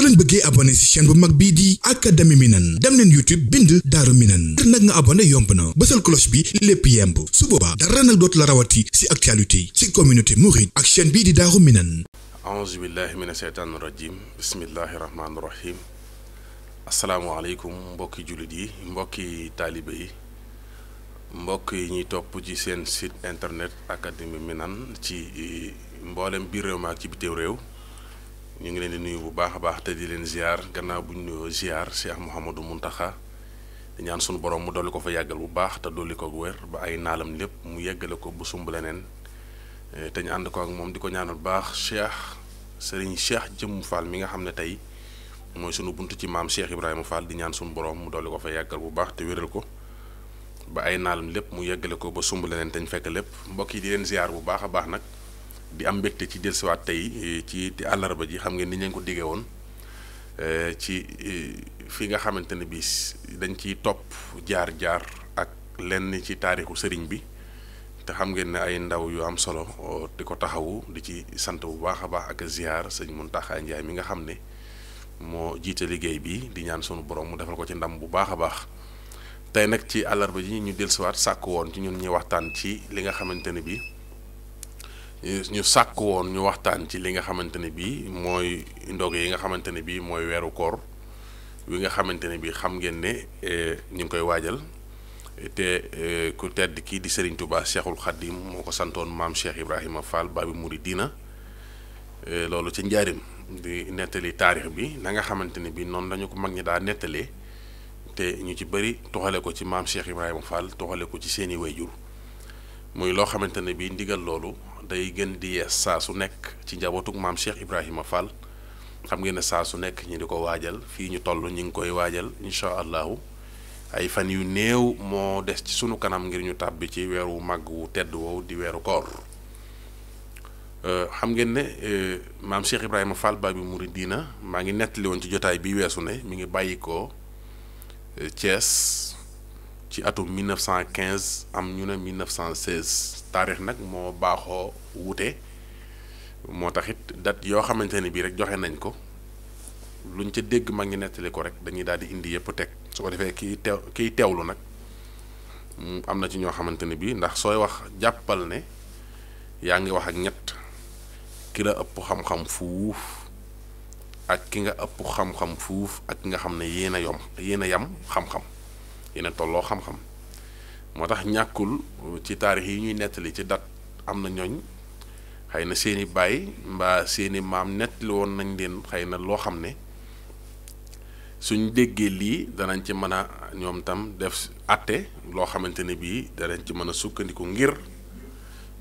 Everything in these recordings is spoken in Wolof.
soo leen bëggee abonné ci chaîne bu mag bii di académie Minane dem leen YouTube bind Daaru Minane ngir nag nga abonné yomb na bësal cloche bi lépp yemb su boobaa dara nag dootu la rawati ci actualité ci communauté mouride ak chaîne bii di Daaru Minane aouzu billahi mina sheytaani rajim bismillahi rahmaani rahim asalaamaaleykum mbokki jullit yi mbokki taalibe yi mbokk yi ñuy topp ci seen site internet académie Minane ci eh, mboolem bi réew ma ak ci bitim réew ñu ngi leen di nuyu bu baax a baax te di leen ziar gannaaw bu ñu nuyoo ziar Cheikh Mouhamadou Mountakha di ñaan sunu borom mu dolli ko fa yàggal bu baax te dolli ko wér ba ay naalam lépp mu yeggale ko bu sumb leneen eh, te ñu ak moom di ko ñaanal bu baax Cheikh Serigne Cheikh Jëmm Fall mi nga xam ne tey mooy sunu buntu ci maam Cheikh Ibrahima Fall di ñaan sunu borom mu dolli ko fa yàggal bu baax te wéral ko. ba ay naalam lépp mu yeggale ko ba sumb leneen te ñu fekk lépp mbokk yi di leen ziar bu baax a baax nag di am mbégte ci dellusiwaat tey eh, ci di àllarba ji xam ngeen ni ñu ko diggee woon eh, ci eh, fi nga xamante ne bii dañ ci topp jaar-jaar ak lenn ci taarixu sëriñ bi te xam ngeen ne ay ndaw yu am solo di ko taxawu di ci sant bu baax a baax ak ziar sëñ Mountakha Ndiaye mi nga xam ne moo jiite liggéey bi di ñaan sunu borom mu defal ko ci ndam bu baax a baax tey nag ci àllarba ji ñu dellusiwaat sàkk woon ci ñun ñuy waxtaan ci li nga xamante ne bii. ñu sàkk woon ñu waxtaan ci li nga xamante ne bii mooy ndoge yi nga xamante ne bii mooy weeru koor wi nga xamante ne bii xam ngeen ne eh, ñu ngi koy waajal te eh, ku tedd kii di Serigne Touba Cheikhul Khadim moo ko santoon maam Cheikh Ibrahima Fall Babi Mouridina eh, loolu ci njaarim di nettali taarix bi na nga xamante ne bii noonu lañu ko mag ñi daa nettalee te ñu ci bari toxale ko ci maam Cheikh Ibrahima Fall toxale ko ci seeni wayjur muy loo xamante ne bii ndigal loolu. day gën di yees saa su nekk ci njabootug maam Cheikh Ibrahima Fall xam ngeen ne saa su nekk ñi di ko waajal fii ñu toll ñu ngi koy waajal incha allahu ay fan yu néew moo des ci sunu kanam ngir ñu tàbbi ci weeru màgg wu tedd woowu di weeru koor euh, xam ngeen ne euh, maam Cheikh Ibrahima Fall Babi Mouridina maa ngi nettali woon ci jotaay bi weesu ne mi ngi bàyyi ko euh, Thiès. ci atum 1915 am ñu ne 1916 taarix nag moo baaxoo wute moo tax it date yoo xamante ne bii rek joxe nañ ko luñ ca dégg mag ñu nettali ko rek dañuy daal di indi yëpp teg su ko defee kiy teew kiy teewlu nag am na ci ñoo xamante ne bii ndax sooy wax jàppal ne yaa ngi wax ak ñett ki la ëpp xam-xam fuuf ak ki nga ëpp xam-xam fuuf ak ki nga xam ne yéen a yom yéen a yam xam-xam. yéen tolloo xam-xam moo tax ñàkkul ci taarix yi ñuy nettali ci dat am na ñooñ xëy na seeni baay mbaa seeni maam nettali woon nañ leen xëy na loo xam ne suñ déggee lii danañ ci mën a ñoom tam def àtte loo xamante ne bii danañ ci mën a sukkandiku ngir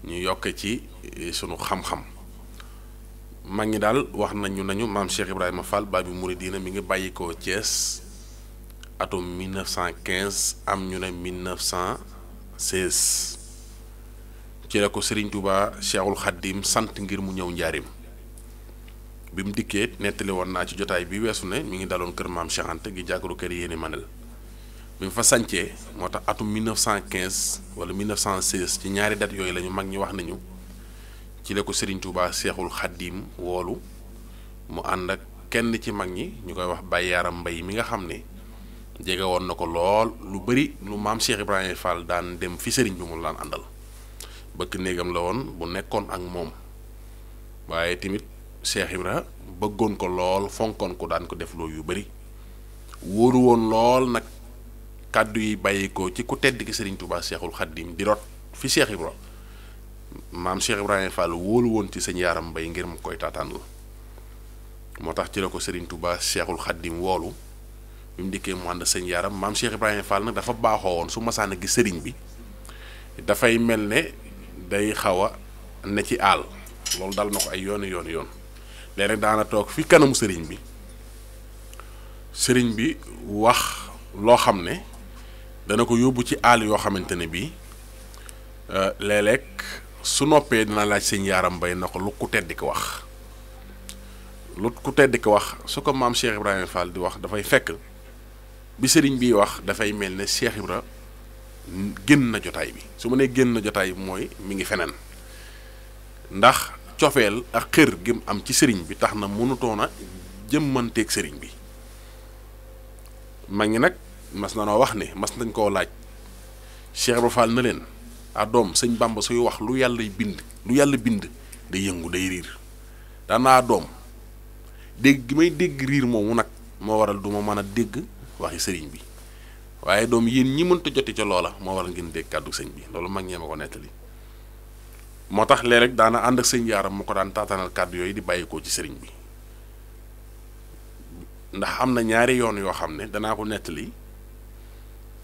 ñu yokke ci e, sunu xam-xam mag ñi daal wax nañu nañu maam Cheikh Ibrahima Fall Babi diina mi ngi bàyyi ko Thiès. atum 1915 am ñu ne 1916 ci la ko Serigne Touba Cheikhul Khadim sant ngir mu ñëw njaarim bi mu dikkee nettali woon naa ci jotaay bi weesu ne mi ngi daloon kër maam Cheikh Anta gi jàkkaru kër yéeni manel bi fa sancee moo tax atum 1915 wala 1916 ci ñaari dat yooyu la ñu mag ñi wax nañu ci la ko Serigne Touba Cheikhul Khadim woolu mu ànd ak kenn ci mag ñi ñu koy wax Baye Yaram Mbay mi nga xam ne jege woon na ko lool lu bari lu maam Cheikh Ibrahima Fall daan dem fi sëriñ bi mu daan àndal bëkk néegam la woon bu nekkoon ak moom waaye tamit Cheikh Ibra bëggoon ko lool fonkoon ko daan ko def loolu yu bari wóoru lool nag kàddu yi bàyyi ko ci ku tedd ki sëriñ tubaa Cheikhul Khadim di rot fi Cheikh Ibra maam Cheikh Ibrahima Fall wóolu woon ci sëñ Yaaram Mbay ngir mu koy taataan la moo tax ci la ko sëriñ Touba Cheikhul Khadim woolu bi mu dikkee mu ànd sëñ yaram maam Cheikh Ibrahima Fall nag dafa baaxoo woon su masaana gi sëriñ bi dafay mel ne day xaw a ne ci àll loolu dal na ko ay yoon yoon yoon léegi daana toog fi kanamu sëriñ bi sëriñ bi wax loo xam ne dana ko yóbbu ci àll yoo xamante ne bii euh, léeg su noppee dina laaj sëñ yaaram bay na ko lu ku tedd ko wax lu ku tedd ko wax su ko maam Cheikh Ibrahima Fall di wax dafay fekk. bi sëriñ bi wax dafay mel ne Cheikh Ibra génn na jotaay bi su ma nee génn na jotaay bi mooy mi ngi feneen ndax cofeel ak xër gi am ci sëriñ bi tax na mënutoon a jëmmanteeg sëriñ bi mag ngi nag mas na noo wax ne mas nañ koo laaj Cheikh Ibra na leen a ah, doom sëñ bàmb suy wax lu yàlla bind lu yàlla bind day yëngu day riir danaa ah, doom dégg gi may dégg riir moomu nag moo waral duma mën a dégg waxi sëriñ bi waaye doom yéen ñi mënta joti ca loola moo waral ngeen dégg kàddu sëñ bi loolu mag ñee ma ko nettali moo tax léeg-léeg daana ànd ak sëñ yaaram mu ko daan taatanal kàddu yooyu di bàyyikoo ci sëriñ bi ndax am na ñaari yoon yoo xam ne danaa ko nettali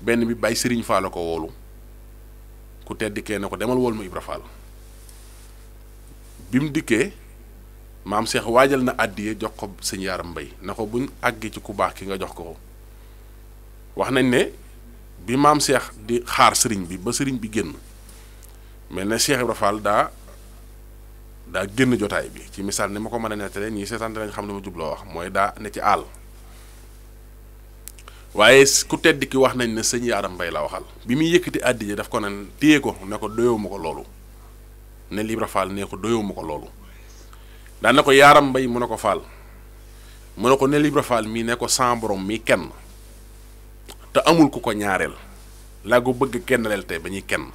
benn bi bàyyi sëriñ faala ko woolu ku tedd dikkee ne ko demal wool ma Ibra Faal bi mu dikkee maam seex waajal na àddiye jox ko sëñ yaaram mbay na ko buñ àggee ci ku baax ki nga jox ko wax nañ ne bi maam Cheikh di xaar sëriñ bi ba sëriñ bi génn mel na Cheikh Ibra Fall daa daa génn jotaay bi ci misaal ni ma ko mën a nettalee ñii seetaante nañ xam ne ma jubloo wax mooy daa ne ci àll waaye ku tedd ki wax nañ ne sëñ Yaaram Mbay la waxal bi muy yëkkati àddi daf ko ne téye ko ne ko doyewuma ko loolu ne Ibra Fall ne ko doyewuma ko loolu daan na ko Yaaram Mbay mu ne ko Fall mu ne ko ne Ibra Fall mii ne ko san borom mii kenn te amul ku ko ñaareel laa ko bëgg kennaleel tey ba ñuy kenn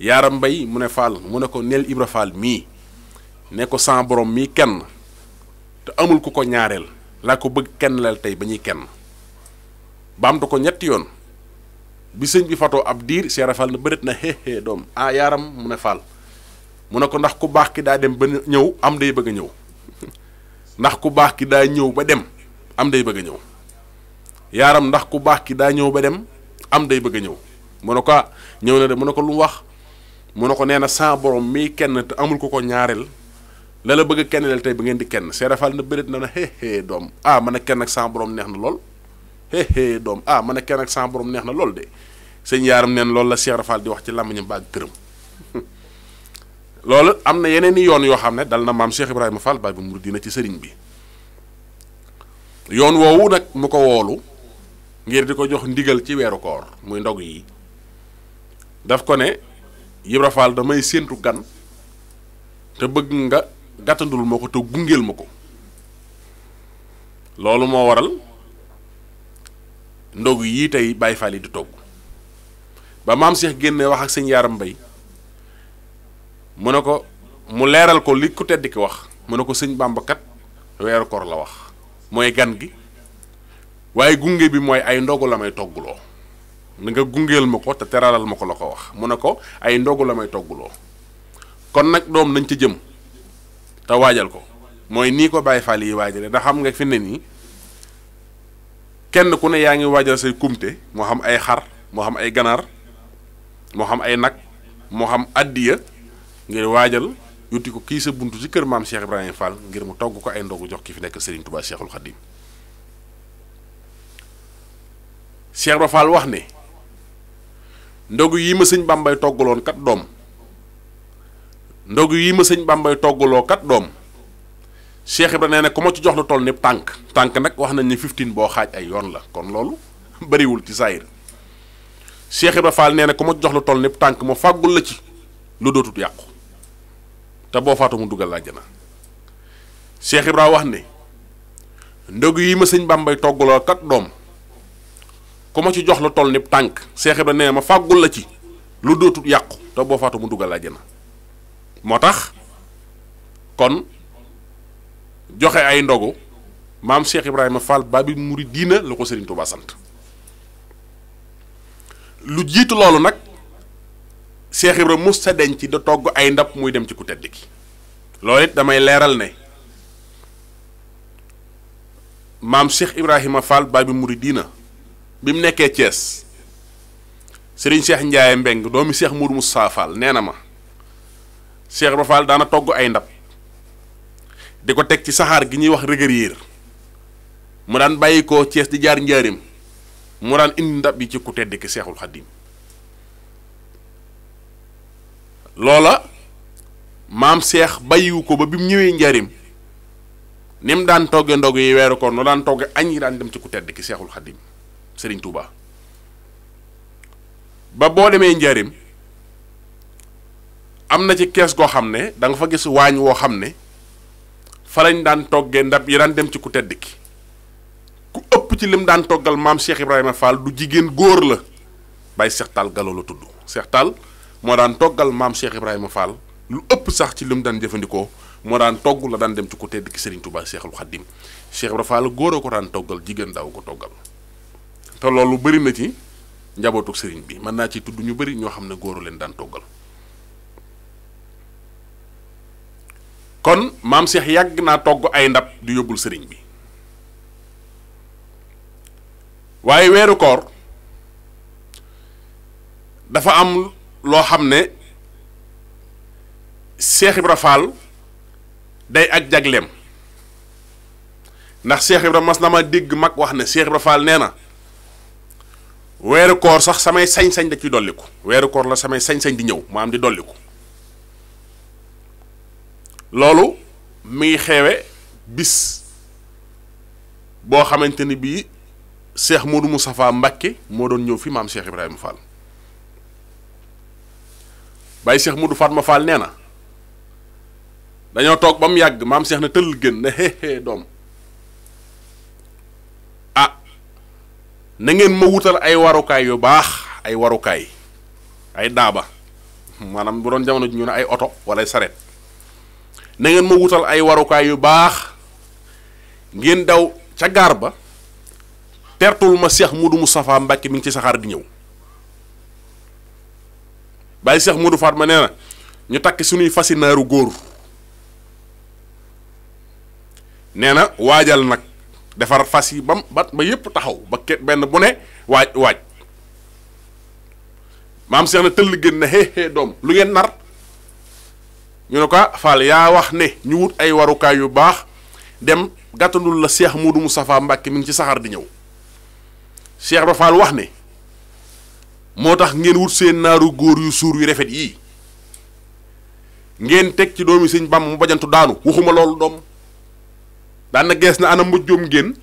yaaram mbay mu ne Fall mu ne ko neel Ibra Fall mii ne ko sans borom mii kenn te amul ku ko ñaareel laa ko bëgg kenn kennaleel tey ba ñuy kenn baamtu ko ñetti yoon bi sëñ bi fatoo ab diir Cheikh Fall na bërit na xeexee doom ah yaaram mu ne Fall mu ne ko ndax ku baax ki daa dem ba ñëw am day bëgg a ñëw ndax ku baax ki daa ñëw ba dem am day bëgg a ñëw yaaram ndax ku baax ki daa ñëw ba dem am day bëgg a ñëw mu ne ko ah, ñëw na de mu ne ko lu wax mu ne ko nee na sans borom mii kenn te amul ko ko ñaareel la la bëgg a kenneel tey bi ngeen di kenn Seydou Fall na bërit na doom ah man a kenn ak neex na lool hee doom ah man a kenn ak sans borom neex na lool de sëñ yaaram neen loolu la Seydou Fall di wax ci làmmiñam baag këram loolu am na yeneen i yoon yoo xam ne dal na maam Cheikh Ibrahima Fall baay bu di dina ci sëriñ bi yoon woowu nag mu ko woolu. ngir di ko jox ndigal ci weeru koor muy ndog yi daf ko ne Ibra Fall damay séentu gan te bëgg nga gàttandul ma ko te gungeel ma ko loolu moo waral ndog yii tey Baye Fall yi di togg ba maam Cheikh génne wax ak sëñ Yaram Mbay mu ne ko mu leeral ko li ku tedd ki wax mu ne ko sëñ Bàmba kat weeru koor la wax mooy gan gi waaye gunge bi mooy ay ndogu la may togguloo na nga gungeel ma ko te teralal ma ko la ko wax mu ne ko ay ndogu la may togguloo kon nag doom nañ ca jëm te waajal ko mooy nii ko bàyyi Faal yi waajale ndax xam nga fi ne nii kenn ku ne yaa ngi waajal say kumte moo xam ay xar moo xam ay ganaar moo xam ay nag moo xam addiya ngir waajal yuti ko kii sa buntu ci kër maam Cheikh Ibrahima Fall ngir mu togg ko ay ndogu jox ki fi nekk Serigne Touba Cheikhul Khadim Cheikh Ibra wax ne ndogu yi ma sëñ Bambay toggaloon kat doom ndogu yi ma sëñ Bambay toggaloo kat doom Cheikh Ibra nee na ku ma ci jox lu tool ni tànk tànk nag wax nañ ni 15 boo xaaj ay yoon la kon loolu bëriwul ci saayir Cheikh Ibra Fall nee na ku ma ci jox lu toll ni tànk mu fàggul la ci lu dootut yàqu te boo faatu mu dugal àjjana Cheikh Ibra wax ne ndogu yii ma sëñ Bambay toggaloo kat doom. ku ma ci jox lu toll ni tànk Seex Ibra nee ma fàggul la ci lu dootul yàqu te boo faatu mu dugal na moo tax kon joxe ay ndogu maam Cheikh Ibrahima Fall Babi Mouridina la ko Serigne Touba sant lu jiitu loolu nag Cheikh Ibrahima mos ci denc da togg ay ndab muy dem ci ku tedd ki loolu it damay leeral ne maam Cheikh Ibrahima bi Babi diina bi mu nekkee Thiès Serigne Cheikh Ndiaye Mbeng doomi Cheikh Mour mus saafal nee na ma Cheikh Ibra daana togg ay ndab di ko teg ci saxaar gi ñuy wax rëgëriir mu daan bàyyi ko Thiès di jaar njaarim mu daan indi ndab yi ci ku tedd ki Seexul Xaddim loola maam Cheikh bàyyiwu ko ba bi mu ñëwee njaarim ni mu daan togge ndog yi weeru koor noo daan togge añ yi daan dem ci ku tedd ki Seexul Xaddim Serigne Touba ba boo demee njaarim am na ci kees goo xam ne danga fa gis waañ woo xam ne fa lañ daan toggee ndab yi daan dem ci ku tedd ki ku ëpp ci lim daan toggal maam Cheikh Ibrahima Fall du jigéen góor la bay Cheikh Tall Gallo tudd Cheikh moo daan toggal maam Cheikh Ibrahima Fall lu ëpp sax ci lim daan jëfandikoo moo daan togg la daan dem ci ku tedd ki Serigne Touba Cheikhul Khadim Cheikh Ibrahima Fall góor a ko daan toggal jigéen daw ko toggal. te loolu bari na ci njabootu sëriñ bi mën naa ci tudd ñu bari ñoo xam ne góoru leen daan toggal kon maam seex yàgg naa togg ay ndab di yóbbul sëriñ bi waaye weeru koor dafa am loo xam ne Cheikh Ibra Fall day ak jagleem ndax Cheikh Ibra mas na ma dégg mag wax ne Cheikh Ibra nee na weeru koor sax samay sañ-sañ da ciy dolliku weeru koor la samay sañ-sañ di ñëw maa am di dolliku loolu mi ngi xeewe bis boo xamante ni bii Cheikh Modou Moustapha Mbacké moo doon ñëw fi maam Cheikh Ibrahima Fall bàyyi Cheikh Modou Fatma Fall nee na dañoo toog ba mu yàgg maam seex na tëll gën ne hee hee doom na ngeen ma wutal ay warukaay yu baax ay warukaay ay daaba maanaam bu doon jamono ji ñu ne ay oto wala ay saret na ngeen ma wutal ay warukaay yu baax ngeen daw ca gaar ba tertul ma Cheikh Modou Moustapha Mbacke mi ngi ci saxaar di ñëw bàyyi Cheikh Modou ma nee na ñu takk suñuy fasinaaru góor nee na waajal nag defar fas yi bam ba ba yépp taxaw ba ket benn bu ne waaj waaj maam seex na tëll génn na xee xee doom lu ngeen nar ñu ne ko ah, Fall yaa wax ne ñu wut ay warukaay yu baax dem gàttandul la Cheikh Modou Moustapha Mbacke mi ngi ci saxaar di ñëw Cheikh Ibra Fall wax ne moo tax ngeen wut seen naaru góor yu suur yu rafet yii ngeen teg ci doomi sëñ Bàmba mu bajantu daanu waxuma loolu doom daan na gees na ana mujjum ngéen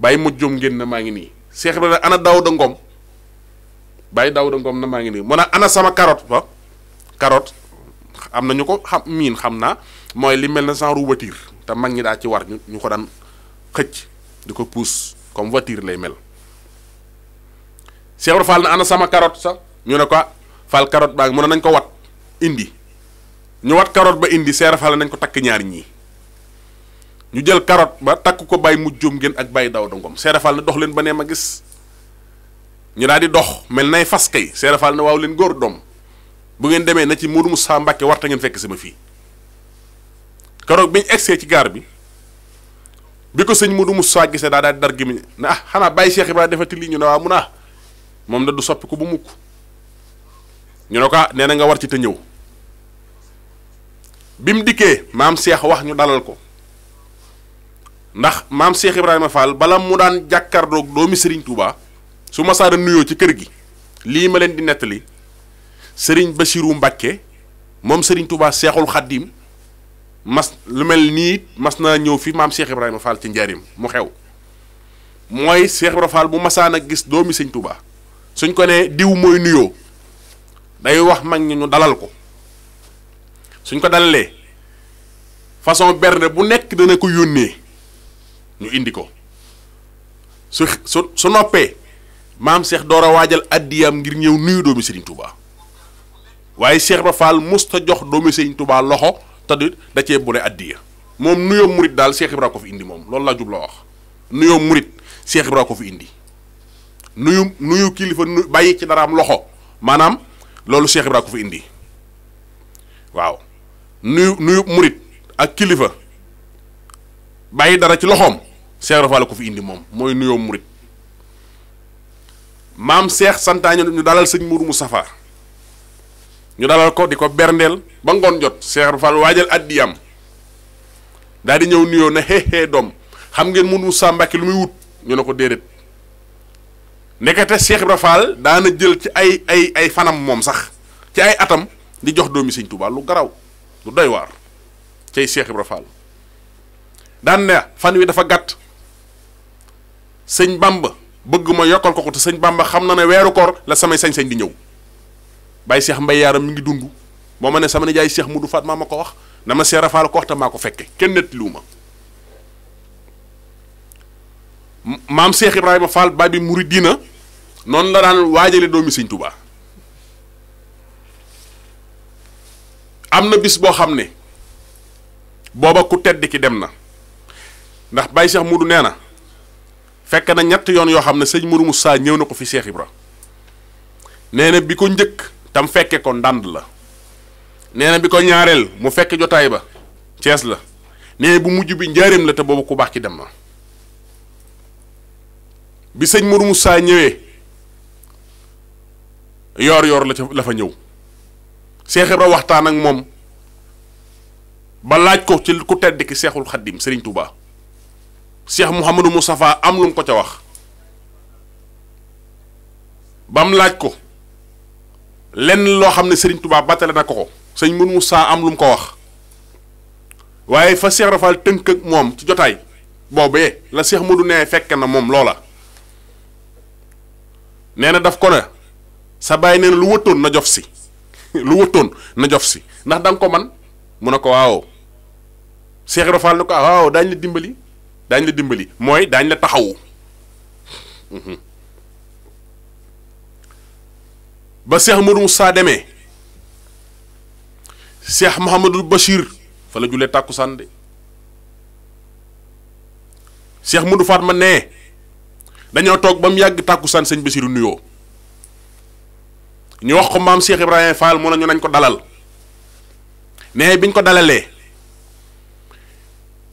bàyyi mujjum ngéen na maa ngi nii Cheikh Ibrahima ana Daouda Ngom bàyyi Daouda Ngom na maa ngi nii mu ne ana sama karoot ba carotte am na ñu ko xam miin xam naa mooy li mel na genre voiture te mag ñi daa ci war ñu ñu ko daan xëcc di ko pousse comme voiture lay mel Cheikh Ibrahima Fall na ana sama karoot sax ñu ne ko ah, Fall karoot baa ngi mu ne nañ ko wat indi ñu wat carotte ba indi Cheikh Ibrahima Fall nañ ko takk ñaar ñii. ñu jël karoot ba takk ko bàyyi mujj jóom ngeen ak bàyyi daw dangom seerafal na dox leen ba nee ma gis ñu daal di dox mel nay fas kay seerafal na waaw leen góor doom bu ngeen demee na ci Modou saa Mbacke warta ngeen fekk sama fii keroog bi ñu egsee ci gaar bi bi ko sëñ Modou saa gisee daa daal di dar gi mi ne ah xanaa bàyyi Cheikh Ibrahima defati lii ñu ne waa ah, mun a moom da du soppi ko bu mukk ñu ne ko ah, nee na nga war ci te ñëw bi mu dikkee maam Cheikh wax ñu dalal ko ndax maam Cheikh Ibrahima Fall bala mu daan jàkkaarloog doomi sëriñ Touba su masaa saara nuyoo ci kër gi lii ma leen di nettali Serigne Bassirou Mbacke moom sëriñ Touba Seexul Xaddim mas lu mel nii mas naa ñëw fi maam Cheikh Ibrahima Fall ci njaarim mu xew mooy Cheikh Ibrahima bu masaan a gis doomi sëñ Touba suñ ko ne diw mooy nuyoo day wax mag ñi ñu dalal ko suñ ko dalalee façon berne bu nekk dana ko yónnee. ñu indi ko su su noppee maam Cheikh doora a waajal addiyaam ngir ñëw nuyu doomi Serigne Touba waaye Cheikh Ibra Fall musta jox doomi Serigne Touba loxo te du da cee boole addiya moom nuyoo murit daal Cheikh Ibra ko fi indi moom loolu laa jubla wax nuyoo murit Cheikh Ibra ko indi nuyu nuyu kilifa nu bàyyi ci daraam loxo maanaam loolu Cheikh Ibra ko fi indi waaw nuyu nuyu murit ak kilifa bàyyi dara ci loxoom. Cheikh Rafal ko fi indi moom mooy nuyoo murit maam Cheikh santaane ñu dalal sëñ Mourou Moustapha ñu dalal ko di ko berndeel ba ngoon jot Cheikh Rafal waajal addiyam daal di ñëw nuyoo na xee xee doom xam ngeen Mourou Moustapha Mbacke lu muy wut ñu ne ko déedéet nekkate Cheikh Rafal daana jël ci ay ay ay fanam moom sax ci ay atam di jox doomi sëñ Touba lu garaw lu doy waar cay Cheikh Ibra Fall daan ne fan wi dafa gàtt sëñ bamba bëgg ma yokkal ko ko te sëñ bamba xam na ne weeru koor la samay sañ-sañ di ñëw bàyyi seex mbay yaaram mi ngi dund boo ma ne sama nijaay seex mudu faat maa ma ko wax na ma seera faal ko ko fekke kenn nettaliwu ma maam seex ibrahima faal baay bi muri diina noonu la daan waajale doomi sëñ tubaa am na bis boo xam ne booba ku tedd ki dem na ndax bàyyi seex mudu nee na fekk na ñett yoon yoo xam ne sëñ Mourou saa ñëw na ko fi Cheikh Ibra nee bi ko njëkk tam fekkee ko ndànd la nee bi ko ñaareel mu fekk jotaay ba Cees la nee bu mujj bi njaareem la te boobu ku baax ci dem na bi sëñ mu saa ñëwee yoor yoor la ca la fa ñëw Cheikh Ibra waxtaan ak moom ba laaj ko ci ku tedd ki Seexul Xaddim Sëriñ Touba. Cheikh mu Moustapha am lu ko ca wax bam laaj ko lenn loo xam ne Serigne Touba battale na ko ko sëñ mu Moussa am lu mu ko wax waaye fa Cheikh Rafal tënk ak moom ci jotaay boobee la Cheikh Modou nee fekk na moom loola nee na daf ko ne sa bàyyi nee na lu wëttoon na jof si lu wëttoon na jof si ndax da ko man mu ne ko waaw Cheikh Rafal ne ko waaw daañu la dimbali. daañ la dimbali mooy daañ la taxawu mhm. ba Cheikh Amadou saa demee Cheikh Mouhamadul Bachir fa la julee tàkkusaan de Cheikh Modou ma nee dañoo toog ba mu yàgg tàkkusaan sëñ Bachir nuyoo ñu wax ko maam Cheikh Ibrahima Fall mu ne ñu nañ ko dalal nee biñ ko dalalee.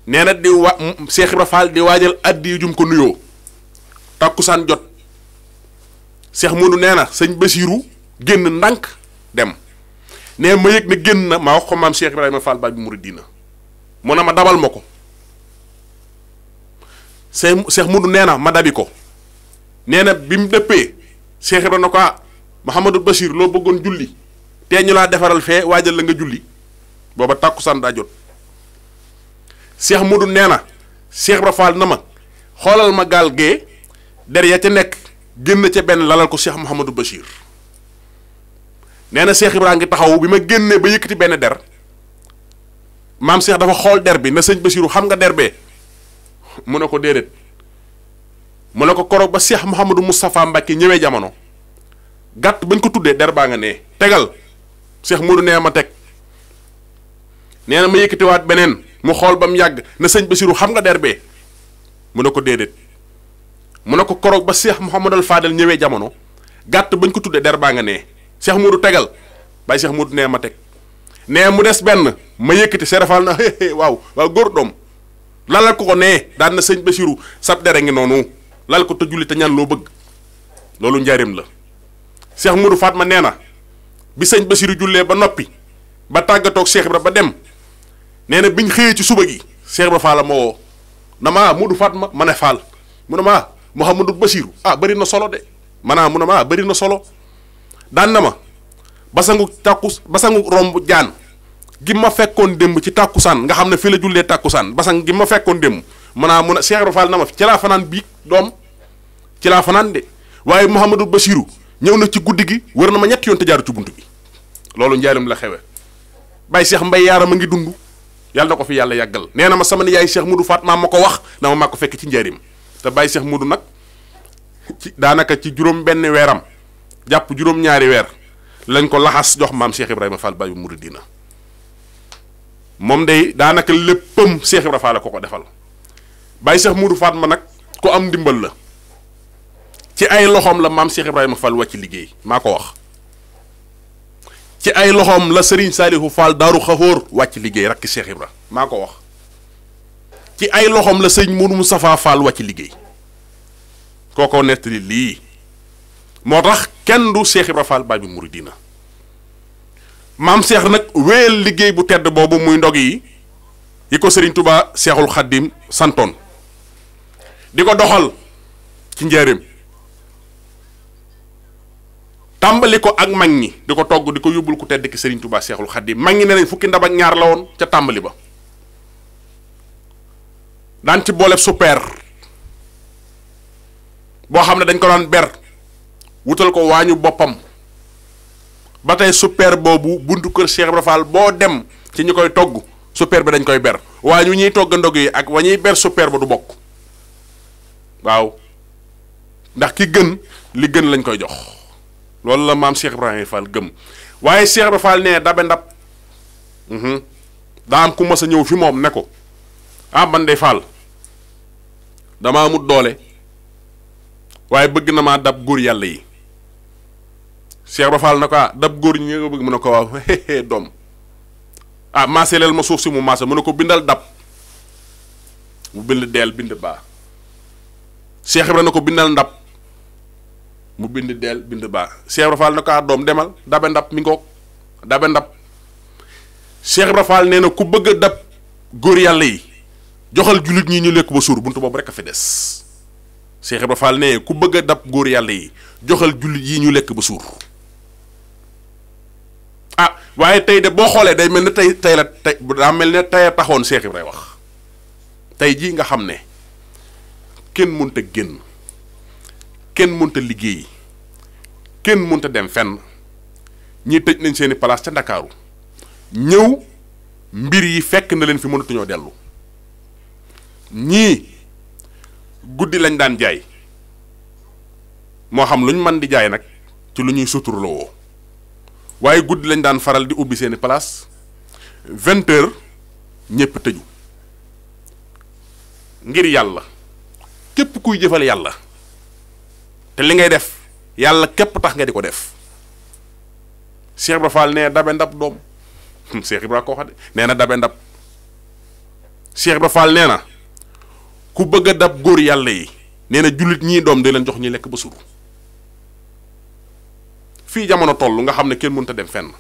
nee na di wa Cheikh Ibra Fall di waajal addi jum ko nuyoo tàkkusaan jot Cheikh Modou nee na sëñ Basiiru génn ndànk dem nee ma yëg ne génn na maa wax ko maam Cheikh Ibrahima Fall baaj bi muridina mu ne ma dabal ma ko Cheikh Cheikh Modou nee na ma dabi ko nee na bi mu dëppee Cheikh Ibrahima ne ko ah Mouhamadou Bachir loo bëggoon julli tee ñu laa defaral fee waajal la nga julli booba tàkkusaan daa jot Cheikh Modou nee na Cheikh Ibra Fall na ma xoolal ma gaal gee der ya ca nekk génn ca benn lalal ko Cheikh Mouhamadou Bachir nee na Cheikh Ibra ngi taxaw bi ma génnee ba yëkkati benn der maam Cheikh dafa xool der bi na sëñ Bachirou xam nga der bee mu ne ko déedéet mu ne ko koroog ba Cheikh Mouhamadou Moustapha Mbacke ñëwee jamono gàtt bañ ko tuddee der baa nga nee tegal Cheikh Modou nee ma teg nee na ma yëkkatiwaat beneen. mu xool ba mu yàgg na sëñ Basiru xam nga der bee mu ne ko déedéet mu ne ko koroog ba seex dal Fadel ñëwee jamono gàtt bañ ko tuddee der baa nga nee seex Moodu tegal bàyyi seex Moodu nee ma teg nee mu des benn ma yëkkati serafal na waaw waaw góor doom lalal ko ko nee daan na sëñ Basiru sab dere ngi noonu lal ko te julli te ñaan loo bëgg loolu njaarim la seex Moodu Fatma nee na bi sëñ Basiru jullee ba noppi ba tàggatoog seex Ibra ba dem. nee na bi xëyee ci suba gi Cheikh Ba Fall ma woo na maa Modou Fatma ma ne Fall mu ne maa Mouhamadou Bassirou ah bëri na solo de maanaam ah, mu ne maa ah, bari na solo daan na ma basangu tàkku basangu romb jaan gi ma fekkoon démb ci tàkkusaan nga xam ne fi la jullee tàkkusaan basang gi ma fekkoon démb maanaam ah, mu ne Cheikh Ba Fall na ma ci laa fanaan bii doom ci laa fanaan de waaye Mouhamadou Bassirou ñëw na ci guddi gi wër na ma ñetti yoon te jaaru ci bunt bi loolu njaarim la xewe bàyyi Cheikh a ngi dund. yàlla na ko fi yàlla yàggal nee na ma sama nijaay Cheikh Modou Fatma ma ko wax na ma maa ko fekk ci njëriñ te bàyyi mu Modou nag ci daanaka ci juróom weeram jàpp juróom weer lañ ko laxas jox maam Cheikh Ibrahima Fall Baye Mouridina moom day daanaka léppam Cheikh Ibrahima Fall ko ko defal bàyyi Cheikh Modou Fatma nag ko am ndimbal la ci ay loxoom la maam Cheikh Ibrahima Fall wàcc liggéey maa ko wax. ci ay loxoom la Serigne Saliou Fall daaru xaxóor wàcc liggéey rakki Cheikh Ibra maa ko wax ci ay loxoom la sëñ Mourou Moustapha Fall wàcc liggéey kooko nettali lii moo tax kenn du Cheikh Ibra Fall baay bi muridina maam seex nag wéyal liggéey bu tedd boobu muy ndog yi yi ko Serigne Touba Cheikhul Khadim santoon di ko doxal ci njëriñ. tàmbali ko ak mag ñi di ko togg di ko yóbbul ku tedd ki Serigne Touba Seexul Xadiim mag ñi ne nañ fukki ndab ak ñaar la woon ca tàmbali ba daan ci booleb super boo xam ne dañ ko daan ber wutal ko waañu boppam ba tey super boobu buntu kër Cheikh Ibra Fall boo dem ci ñu koy togg super bi dañ koy ber waañ wi ñuy togg ndog yi ak wa ñuy ber super ba du bokk waaw ndax ki gën li gën lañ koy jox loolu la maam Cheikh Ibrahima Fall gëm waaye Cheikh Ibrahima nee dabe ndab mhm. daa am ku mas a ñëw fi moom ne ko ah man de Fall dama amut doole waaye bëgg na maa dab góor yàlla yi Cheikh Ibrahima na ko ah dab góor ñi nga bëgg mu ne ko waaw doom ah maaseleel ma suuf si mu maase mu ne ko bindal dab mu bind deel bind baa Cheikh Ibrahima na ko bindal ndab mu bind deel bind baa Cheikh Ibra na ko ah doom demal dabe ndab mi ngoog dabe ndab Cheikh Ibra nee na ku bëgg a dab góor yàlla yi joxal jullit ñi ñu lekk ba suur buntu boobu rek a fi des Cheikh Ibra Fall ku bëgg dab góor yàlla yi joxal jullit yi ñu lekk ba suur ah waaye tey de boo xoolee day mel ne tey tey la tey daa mel ne tey a taxoon Cheikh Ibra wax tey jii nga xam ne kenn mënta génn. kenn mënta liggéey kenn mënta dem fenn ñi tëj nañ seeni place ca ndakaaru ñëw mbir yi fekk na leen fi mënatuñoo dellu ñii guddi lañ daan jaay moo xam lu ñu mën di jaay nag ci lu ñuy suturloo waaye guddi lañ daan faral di ubbi seeni place vingt heures ñépp tëju ngir yàlla képp kuy jëfal yàlla te li ngay def yàlla képp tax nga di ko def Cheikh Ibra Fall nee dabe ndab doom hmm, Cheikh Ibra ko wax nee na dabe ndab Cheikh Ibra Fall nee na ku bëgg a dab góor yàlla yi nee na jullit ñii doom day leen jox ñuy lekk ba suru fii jamono toll nga xam ne kenn mënta dem fenn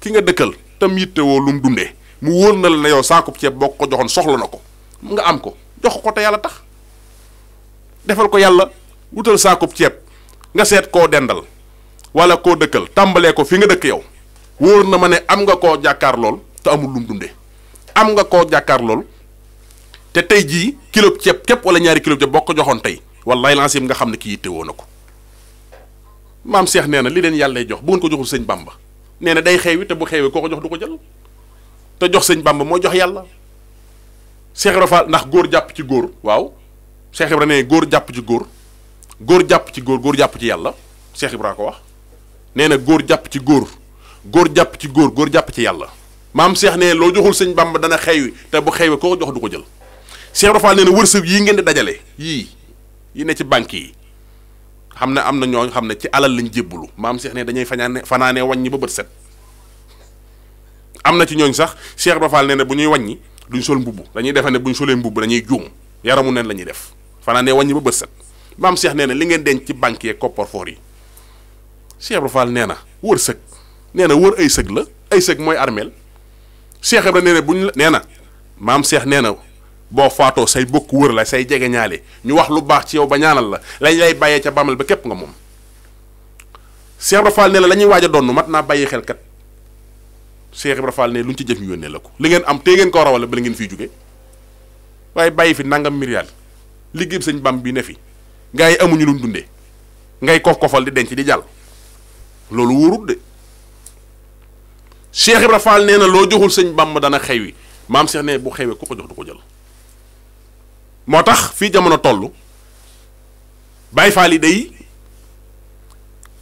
ki nga dëkkal tam yitte woo lu mu dundee mu wóor na la yow saakub ceeb boo ko joxoon soxla na ko nga am ko jox ko te yàlla tax defal ko yàlla wutal saakub ceeb nga seet koo dendal wala koo dëkkal tàmbalee ko fi nga dëkk yow wóor na ma ne am nga koo jàkkaar lool te amul lum dunde am nga koo jàkkaar lool te tey jii kilo ceeb képp wala ñaari kilo ceeb boo ko joxoon tey wallaay lancim nga xam ne kii yittewoo na ko maam Cheikh nee na li leen yàlla jox bu ko joxul sëñ Bamba nee na day xeewi te bu xeewee koo ko jox du ko jël te jox sëñ Bamba mooy jox yàlla Cheikh ndax góor jàpp ci góor waaw Cheikh Ibrahima ne góor jàpp ci góor. góor jàpp ci góor góor jàpp ci yàlla Cheikh Ibra ko wax nee na góor jàpp ci góor góor jàpp ci góor góor jàpp ci yàlla maam Cheikh ne loo joxul sëñ Bamba dana xewi te bu xewi ko jox du ko jël Cheikh Ibra Fall nee wërsëg yii ngeen di dajale yii yi ne ci banque yi xam ne am na ñooñ xam ne ci alal lañ jébbalu maam Cheikh ne dañuy fanaane fanaane wàññi ba bët set am na ci ñooñ sax Cheikh Ibra Fall nee bu ñuy wàññi duñ sol mbubb dañuy defe ne buñ solee mbubb dañuy juum yaramu neen la ñuy def fanaane wàññi bët set maam seex nee na li ngeen denc ci banque yeeg coffre-fort yi Cheikh Ibra Fall nee na wër sëg nee na wër ay sëg la ay sëg mooy armeel Cheikh ba nee na buñ nee na maam Cheikh nee na boo faatoo say bokk wër la say jege ñaale ñu wax lu baax ci yow ba ñaanal la lañ lay bàyyee ca bàmmeel ba képp nga moom Cheikh Ibra Fall nee na la ñuy waaj a donn mat naa bàyyi xel kat Cheikh Ibra Fall ne lu ñu ci jëf ñu yónnee la ko li ngeen am tey ngeen ko ba bala ngeen fiy jóge waaye bàyyi fi nangam miliyaar liggéey bi sëñ Bam bi ne fi. gars amuñu luñ dunde ngay kof kofal di denc di jàll loolu wóorut de Cheikh Ibra Fall nee na loo joxul sëñ Bàmba dana xewi maam Cheikh ne bu xewee ku ko jox du ko jël moo tax fii jamono toll Baay Faal yi day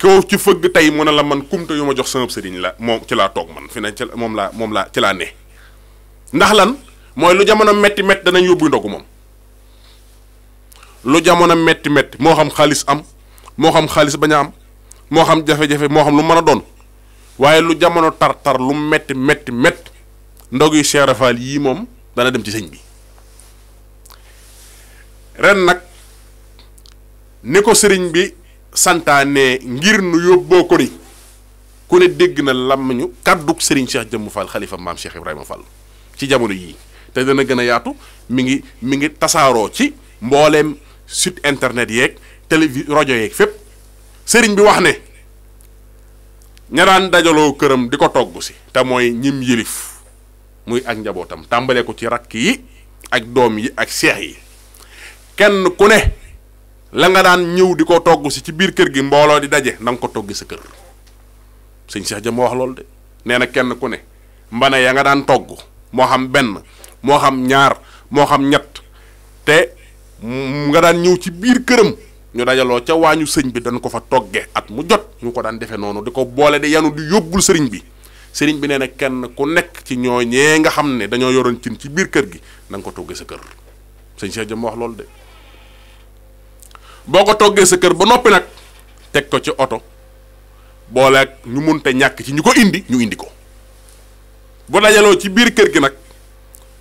koo ci fëgg tey mu ne la man kumte yu ma jox sama sëriñ la moom ci laa toog man fi ne moom laa moom laa ci laa ne ndax lan mooy lu jamono metti metti danañ yóbbu ndogu moom. lu jamono metti metti moo xam xaalis am moo xam xaalis bañ am moo xam jafe-jafe moo xam lu mën a doon waaye lu jamono tar tar lu metti metti mett ndox yu Cheikh Rafaal yii moom dana dem ci sëñ bi ren nag ni ko sëriñ bi santaane ngir nu yóbboo ko ni ku ne dégg na làmmiñu kàdduk sëriñ Cheikh Jëmm Fall xalifa maam Cheikh Ibrahima fal ci jamono yii te dana gën a yaatu mi ngi mi ngi tasaaroo ci mbooleem site internet yeeg télévi rajo yeeg fépp sëriñ bi wax ne ña daan dajaloo këram di ko togg si te mooy ñim yilif muy ak njabootam tàmbalee ko ci rakk yi ak doom yi ak seex yi kenn ku ne la nga daan ñëw di ko togg si ci biir kër gi mbooloo di daje na ko togg sa kër sëñ ja Jam wax loolu de nee na kenn ku ne mbane ya nga daan togg moo xam benn moo xam ñaar moo xam ñett te mu mm, nga daan ñëw ci biir këram ñu dajaloo ca waañu sëñ bi dañ ko fa togge at mu jot ñu ko daan defee noonu di ko boole di yanu di yóbbul sëriñ bi sëriñ bi nee na kenn ku nekk ci ñooñee nga xam ne dañoo yoroon cin ci biir kër gi na ko toggee sa kër sëñ Cheikh Jam wax loolu de boo ko toggee sa kër ba noppi nag teg ko ci oto boole ñu munte ñàkk ci ñu ko indi ñu indi ko bu dajaloo ci biir kër gi nag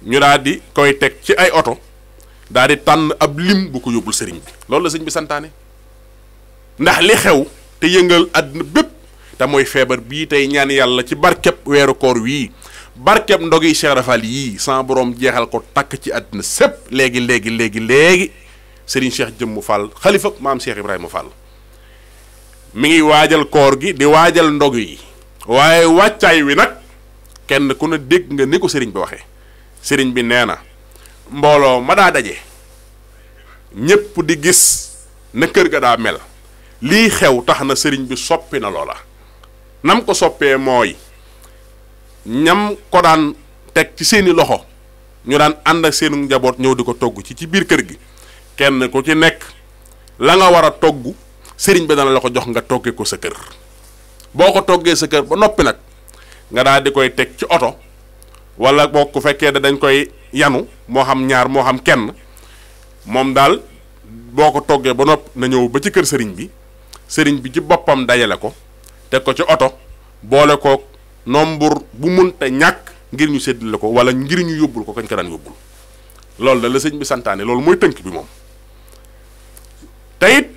ñu daal di koy teg ci ay oto daal di tànn ab lim bu ko yóbbul sëriñ bi loolu la sëñ bi santaane ndax li xew te yëngal àdduna bépp te mooy feebar bii tey ñaan yàlla ci barkeb weeru koor wii barkeb ndogi Cheikh Rafal yii sans borom jeexal ko takk ci àdduna sépp léegi léegi léegi léegi sëriñ Cheikh Jëmmu Fall xalifa maam Cheikh Ibrahima Fall mu ngi waajal koor gi di waajal ndog yi waaye wàccaay wi nag kenn ku ne dégg nga ni ko sëriñ bi waxee sëriñ bi nee na. mbooloo ma daa daje ñépp di gis ne kër ga daa mel lii xew tax na sëriñ bi soppi na loola nam ko soppee mooy ñam ko daan teg ci seeni loxo ñu daan ànd ak seenu njaboot ñëw di ko togg ci ci biir kër gi kenn ku ci nekk la nga war a togg sëriñ bi dana la ko jox nga toggee ko sa kër boo ko toggee sa kër ba noppi nag nga daal di koy teg ci oto wala boo fekkee da dañ koy yanu moo xam ñaar moo xam kenn moom daal boo ko toggee ba nopp na ñëw ba ci kër sëriñ bi sëriñ bi ci boppam dajale ko te ko ci oto boole koog nombre bu munta ñàkk ngir ñu sedd la ko wala ngir ñu yóbbul ko kañ ko daan yóbbul loolu da la sëñ bi santaane loolu mooy tënk bi moom te it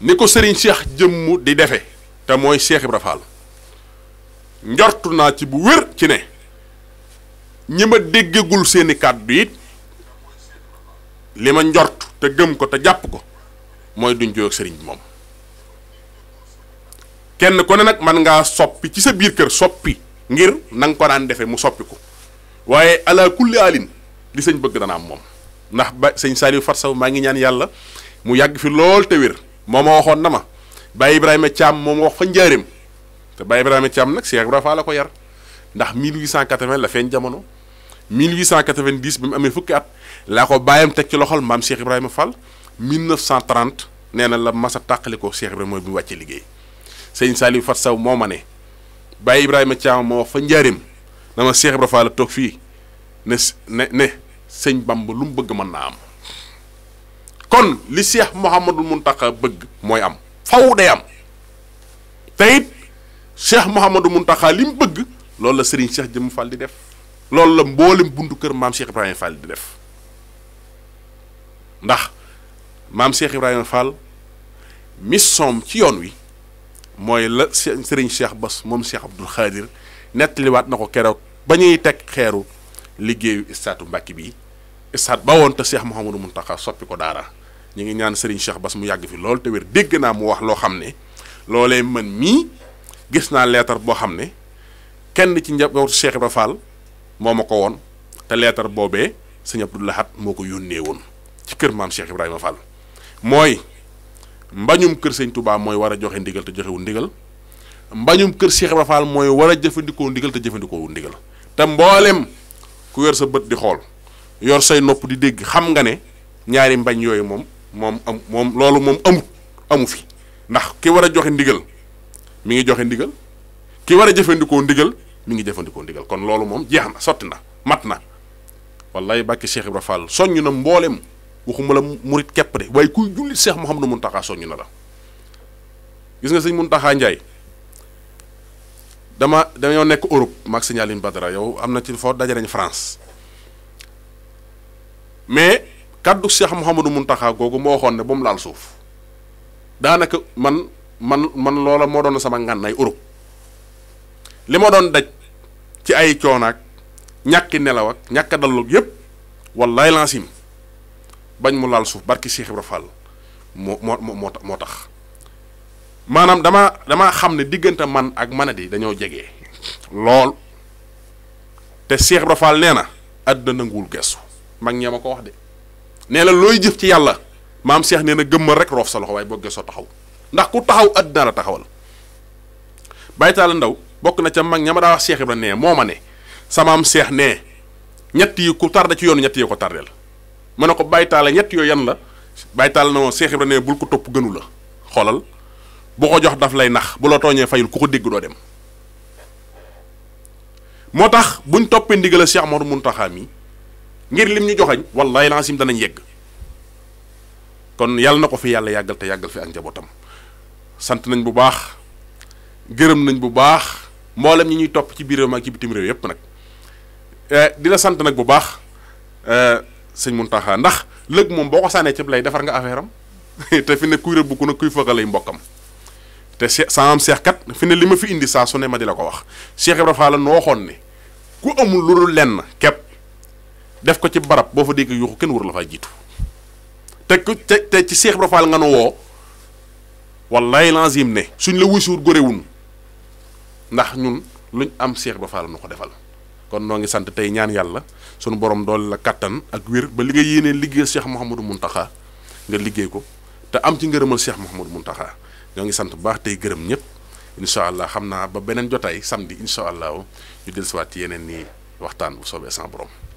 ni ko sëriñ Cheikh jëmm di defe te mooy Cheikh Ibra njortu naa ci bu wér ci ne ñi ma déggagul seeni kàddu it li ma njort te gëm ko te jàpp ko mooy duñ jóg sëriñ moom kenn ku ne nag man ngaa soppi ci sa biir kër soppi ngir na ko daan defee mu soppiku waaye ala kulli alin li sëñ bëgg dana am moom ndax ba sëñ Saliou Fat Sow maa ngi ñaan yàlla mu yàgg fi lool te wér moo ma waxoon na ma Baye Ibrahima moo moom wax fa njaareem te Baye Ibrahima Thiam nag Cheikh Ibrahima la ko yar ndax 1880 la feeñ jamono. 1890 bi mu amee fukki at laa ko bàyyam teg ci loxol maam Cheikh Ibrahima Fall 1930 nee na la masa tàqalikoo seex Ibrahima mooy bi mu wàcce liggéey sëñ Saliou Fat Saw moo ma ne Baye Ibrahima Thiam moo fa njaareem dama Cheikh Ibrahima Fall toog fii ne ne ne sëñ Bamba lu mu bëgg mën naa am kon li Cheikh Mouhamadul Mountakha bëgg mooy am faw day am te it Cheikh mun Mountakha li mu bëgg loolu la Serigne Cheikh Jëmm Fall di def. loolu la mboolem buntu kër maam Cheikh Ibrahima Fall di def ndax maam Cheikh Ibrahima Fall mission ci yoon wi mooy la sëriñ Cheikh bas moom Cheikh Abdoul Khadir nettaliwaat na ko keroog ba ñuy teg xeeru liggéeyu istaatu Mbàkke bi istaat ba woon te Cheikh Mouhamadou taxaw soppi ko daara ñu ngi ñaan sëriñ Cheikh bas mu yàgg fi lool te wér dégg naa mu wax loo xam ne loolee mën mii gis naa leetar boo xam ne kenn ci njabootu Cheikh Ibrahima Fall moo ma ko woon te leetar boobee sëñ Abdou Lahad moo ko yónnee woon ci kër maam Cheikh Ibrahima Fall mooy mbañum kër sëñ tubaab mooy war a joxe ndigal te joxewul ndigal mbañum kër Cheikh Ibrahima mooy war a jëfandikoo ndigal te jëfandikoo ndigal te mboolem ku yor sa bët di xool yor say nopp di dégg xam nga ne ñaari mbañ yooyu moom moom am loolu moom amut amu fi ndax ki war a joxe ndigal mu ngi joxe ndigal ki war a jëfandikoo ndigal. mu ngi jëfandikoo ndigal kon loolu moom jeex na sotti na mat na wallaay bàkki Cheikh Ibra Fall soññ na mboolem waxuma la murit képp de waaye kuy jullit Cheikh mun Mountakha soññ na la gis nga mun Mountakha Ndiaye dama dañoo nekk Europe maag sëñ Aline Badara yow am na ci foo daje nañ France mais kaddu Cheikh Mouhamadou Mountakha googu moo waxoon ne ba mu laal suuf daanaka man man man loola moo doon sama ngànnaay Europe li ma doon daj ci ay coonaak ñàkki nelaw ak ñàkk a dalloog yëpp wallaay lansim bañ mu laal suuf barki Cheikh Ibra Fall moo moo moo tax maanaam dama damaa xam ne diggante man ak manadi dañoo jege lool te Cheikh Ibra Fall nee na àdduna nanguwul gestu mag ñee ma ko wax de nee na looy jëf ci yàlla maam Cheikh nee na gëmmal rek roof sa loxo waaye boo gesoo taxaw ndax ku taxaw àdduna la taxawal bàyyi taal ndaw. bokk na ca mag ña ma daa wax Cheikh Ibra nee moo ma ne sama am seex nee ñett yi ku tarda ci yoonu ñetti yi ko tardeel ma ne ko baytaale ñett yooyu yan la baytaale na woon nee bul ko topp gënu la xoolal bu ko jox daf lay nax bu la tooñee fayul ku ko dégg doo dem moo tax buñ toppee ndigal a Cheikh Mor Muntaxa mi ngir lim ñu joxañ wallaay laasim danañ yegg kon yàlla na ko fi yàlla yàggal te yàggal fi ak njabootam sant nañ bu baax gërëm nañ bu baax mboolem ñi ñuy topp ci biir réew ma ak ci bitim réew yëpp nag eh, di la sant nag bu baax eh, sëñ mun Mountakha ndax lëg moom boo ko sànnee cëb lay defar nga affaire am te fi ne kuy rëbb ku ne kuy fëgg lay mbokkam te sama am seex kat fi ne li ma fi indi saa su ne ma di la ko wax Cheikh Ibrahima Fall noo waxoon ne ku amul lu dul lenn képp def ko ci barab boo fa dégg yuuxu kenn waru la faa jiitu te ku te te ci Cheikh Ibrahima Fall nga nu woo wallaay lazim ne suñ la wusuwut góorewun ndax ñun luñ am Cheikh Ibra Fall nu ko defal kon noo ngi sant tey ñaan yàlla sunu borom doole la kattan ak wér ba li nga yéenee liggéey Cheikh mun Mountakha nga liggéey ko te am ci ngërëmal Cheikh Mouhamadou Mountakha ñoo ngi sant bu baax tey gërëm ñëpp incha allah xam naa ba beneen jotaay samedi incha allah ñu dellusiwaat ci yeneen nii waxtaan bu soobee sans borom.